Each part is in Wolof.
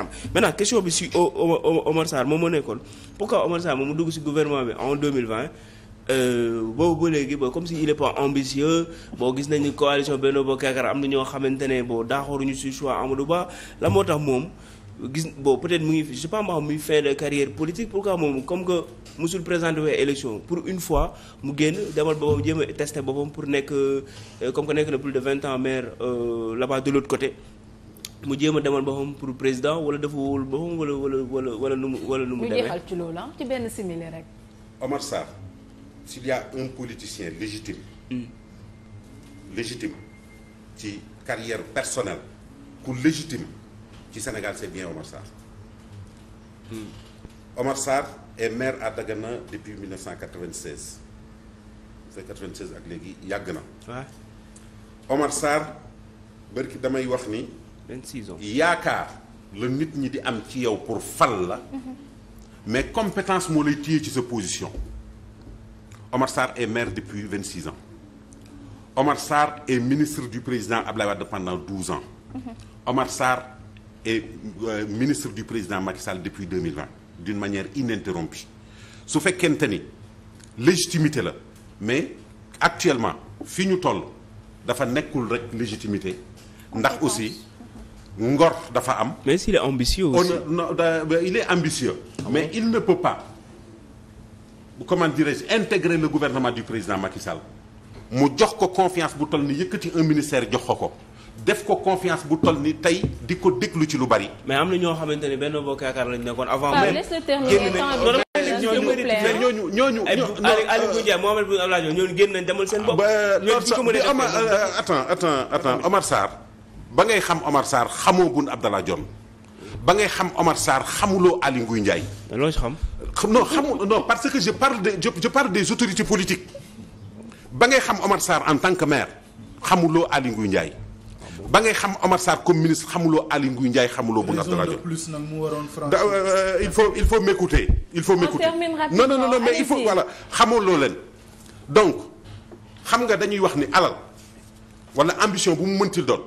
am maintenant question bi si Omar Sarr moom moo nekkoon pourquoi Omar Sarr moom mu dugg si gouvernement bi en 2020 euh, boobu ba léegi ba comme si il est pas ambitieux boo gis nañu coalition Benno Bokk Yaakaar am na ñoo xamante ne boo daaxooruñu si choix Amadou Ba la moo tax moom gis bon peut-être mu ngi je sais pas mu ngi fin de carrière politique pourquoi moom comme que musul présenté wee élection pour une fois mu génn demal boppam jéem a testé boppam pour nekk euh, comme que nekk na plus de vingt ans maire euh, là-bas de l'autre côté mu jéem a ba boppam pour président wala dafa wóolu boppam wala wala wala wala nu mu wala nu mu demee. ñu jeexal ah, ci benn simili rek. Omar Sarr s'il y a un politicien légitime. Hmm. légitime ci carrière personnelle ku légitime ci Sénégal c'est bien Omar Sarr. Hmm. Omar Sarr est maire à Dagana depuis 1996 c'est 96 ak léegi yàgg na. waaw Omar Sarr bërki damay wax ni. 26 ans yaakaar la nit ñi di am ci yow pour fal la. mais compétence moo lay téye ci sa position. Omar Sarr est maire depuis 26 ans. Omar Sarr est ministre du président Abdoulaye Wade pendant 12 ans. Omar Sarr est euh, ministre du président Macky Sall depuis 2020 d'une manière ininterrompue su fekkente ni légitimité la mais actuellement fi ñu toll dafa nekkul rek légitimité ndax aussi. ngor dafa am. mais s'il est ambitieux aussi. On, non, euh, il est ambitieux. Ah mais il ne peut pas comment dirais-je intégrer le gouvernement du président Macky Sall. mu jox ko confiance bu toll ni yëkkati un ministère jox ko ko. def ko confiance bu toll ni tey di ko déglu ci lu bari. mais am na ñoo xamante ne benn bokk yaakaar lañ nekkoon avant. même génn ñooñu ñooñu Aliou Ndiaye Mohamed Boun Abdallah ñooñu génn nañ demal seen bopp. ñooñu ci ko mën a attends attends attends Omar ba ngay xam Omar Sarr xamoo Boun ba ngay xam Omar Sarr xamuloo Aly Ngouille Ndiaye. loo ci xam. non xamul parce que je parle des autorités politiques ba ngay xam Omar Sarr en tant que maire xamuloo Aly Ngouille Ndiaye. ba ngay xam Omar Sarr comme ministre xamuloo Aly Ngouille Ndiaye xamuloo Boun Abdallah Dionne plus nag mu waroon euh, il faut il faut m'écouter il faut m'écouter non non non mais il faut voilà xamuloo leen donc xam nga dañuy wax ni alal wala ambition bu mu mëntil doon.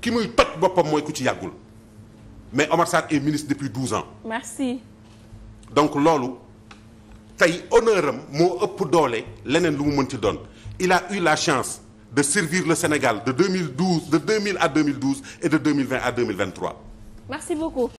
ki muy toj boppam mooy ku ci yàggul mais Omar Sarr est ministre depuis douze ans. merci. donc loolu tey honneur am moo ëpp doole leneen lu mu mën ci doon il a eu la chance de servir le Sénégal de 2012 de 2000 à 2012 et de 2020 à 2023. merci beaucoup.